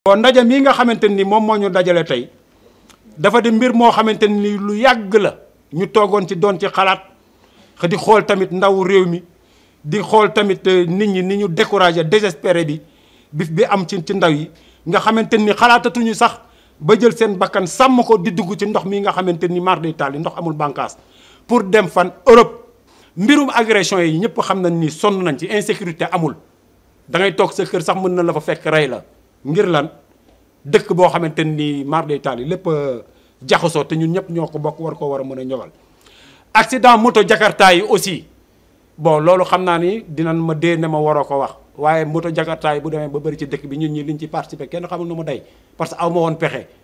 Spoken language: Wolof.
kon ndaje mii nga xamante ni moom moo ñu dajale tey dafa di mbir moo xamante ni lu yàgg la ñu toogoon ci doon ci xalaat di xool tamit ndaw réew mi di xool tamit eh, nit ñi ni ñu découragé désespéré bi bif bi am ci ci ndaw yi nga xamante ni xalaatatuñu sax ba jël seen bakkan sàmm ko di dugg ci ndox mi nga xamante ni mar day yi ndox amul bànqaas pour dem fan Europe mbirum agression yi ñëpp xam nañ ni sonn nañ ci insécurité amul da ngay toog sa kër sax mën na la fa fekk rey la ngir lan dëkk boo xamante ni nii day taal yi lépp euh, jaxasoo te ñu ñëpp ñoo ko bokk war koo war a mën a ñogal accident moto jakarta yi aussi bon loolu xam naa ni dinañ ma dee ne ma waroo ko wax waaye moto jakarta bu demee ba bari ci dëkk bi ñu ñi liñ ci participer kenn xamul nu mu dey parce que aw ma woon pexe